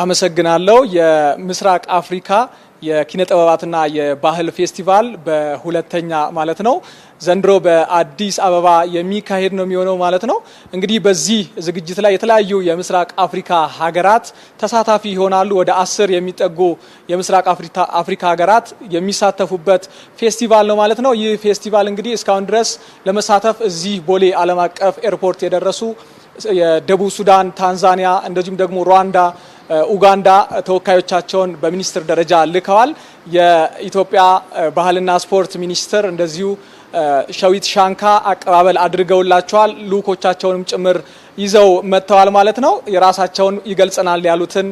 አመሰግናለሁ። የምስራቅ አፍሪካ የኪነ ጥበባትና የባህል ፌስቲቫል በሁለተኛ ማለት ነው ዘንድሮ በአዲስ አበባ የሚካሄድ ነው የሚሆነው ማለት ነው። እንግዲህ በዚህ ዝግጅት ላይ የተለያዩ የምስራቅ አፍሪካ ሀገራት ተሳታፊ ይሆናሉ። ወደ አስር የሚጠጉ የምስራቅ አፍሪካ ሀገራት የሚሳተፉበት ፌስቲቫል ነው ማለት ነው። ይህ ፌስቲቫል እንግዲህ እስካሁን ድረስ ለመሳተፍ እዚህ ቦሌ ዓለም አቀፍ ኤርፖርት የደረሱ የደቡብ ሱዳን፣ ታንዛኒያ እንደዚሁም ደግሞ ሩዋንዳ ኡጋንዳ ተወካዮቻቸውን በሚኒስትር ደረጃ ልከዋል። የኢትዮጵያ ባህልና ስፖርት ሚኒስትር እንደዚሁ ሸዊት ሻንካ አቀባበል አድርገውላቸዋል። ልኡኮቻቸውንም ጭምር ይዘው መጥተዋል ማለት ነው። የራሳቸውን ይገልጸናል ያሉትን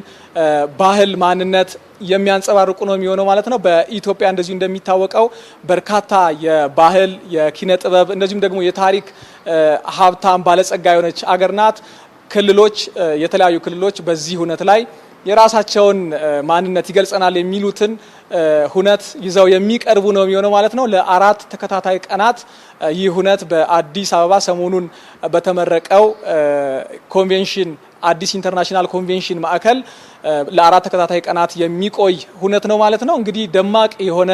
ባህል፣ ማንነት የሚያንጸባርቁ ነው የሚሆነው ማለት ነው። በኢትዮጵያ እንደዚሁ እንደሚታወቀው በርካታ የባህል የኪነ ጥበብ እንደዚሁም ደግሞ የታሪክ ሀብታም ባለጸጋ የሆነች አገር ናት። ክልሎች የተለያዩ ክልሎች በዚህ እውነት ላይ የራሳቸውን ማንነት ይገልጸናል የሚሉትን ሁነት ይዘው የሚቀርቡ ነው የሚሆነው ማለት ነው። ለአራት ተከታታይ ቀናት ይህ ሁነት በአዲስ አበባ ሰሞኑን በተመረቀው ኮንቬንሽን አዲስ ኢንተርናሽናል ኮንቬንሽን ማዕከል ለአራት ተከታታይ ቀናት የሚቆይ ሁነት ነው ማለት ነው። እንግዲህ ደማቅ የሆነ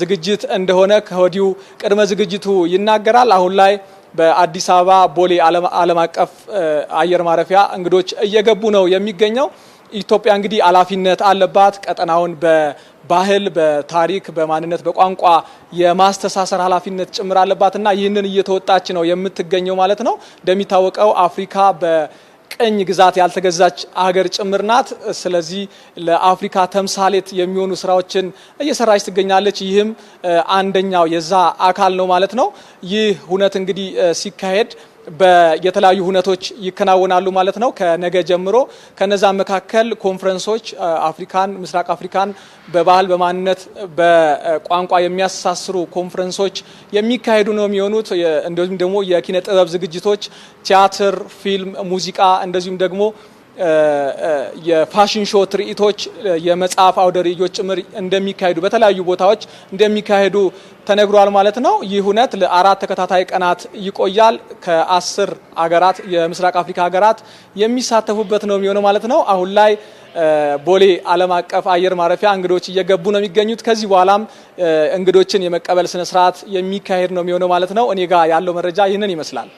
ዝግጅት እንደሆነ ከወዲሁ ቅድመ ዝግጅቱ ይናገራል። አሁን ላይ በአዲስ አበባ ቦሌ ዓለም አቀፍ አየር ማረፊያ እንግዶች እየገቡ ነው የሚገኘው። ኢትዮጵያ እንግዲህ ኃላፊነት አለባት ቀጠናውን በባህል፣ በታሪክ፣ በማንነት፣ በቋንቋ የማስተሳሰር ኃላፊነት ጭምር አለባት እና ይህንን እየተወጣች ነው የምትገኘው ማለት ነው እንደሚታወቀው አፍሪካ በ ቅኝ ግዛት ያልተገዛች አገር ጭምር ናት። ስለዚህ ለአፍሪካ ተምሳሌት የሚሆኑ ስራዎችን እየሰራች ትገኛለች። ይህም አንደኛው የዛ አካል ነው ማለት ነው። ይህ ሁነት እንግዲህ ሲካሄድ የተለያዩ ሁነቶች ይከናወናሉ ማለት ነው። ከነገ ጀምሮ ከነዛ መካከል ኮንፈረንሶች አፍሪካን፣ ምስራቅ አፍሪካን በባህል በማንነት በቋንቋ የሚያሳስሩ ኮንፈረንሶች የሚካሄዱ ነው የሚሆኑት። እንደዚሁም ደግሞ የኪነ ጥበብ ዝግጅቶች፣ ቲያትር፣ ፊልም፣ ሙዚቃ እንደዚሁም ደግሞ የፋሽን ሾ ትርኢቶች፣ የመጽሐፍ አውደ ርዕዮች ጭምር እንደሚካሄዱ በተለያዩ ቦታዎች እንደሚካሄዱ ተነግሯል ማለት ነው። ይህ ሁነት ለአራት ተከታታይ ቀናት ይቆያል። ከአስር አገራት የምስራቅ አፍሪካ ሀገራት የሚሳተፉበት ነው የሚሆነው ማለት ነው። አሁን ላይ ቦሌ ዓለም አቀፍ አየር ማረፊያ እንግዶች እየገቡ ነው የሚገኙት። ከዚህ በኋላም እንግዶችን የመቀበል ስነስርዓት የሚካሄድ ነው የሚሆነው ማለት ነው። እኔ ጋር ያለው መረጃ ይህንን ይመስላል።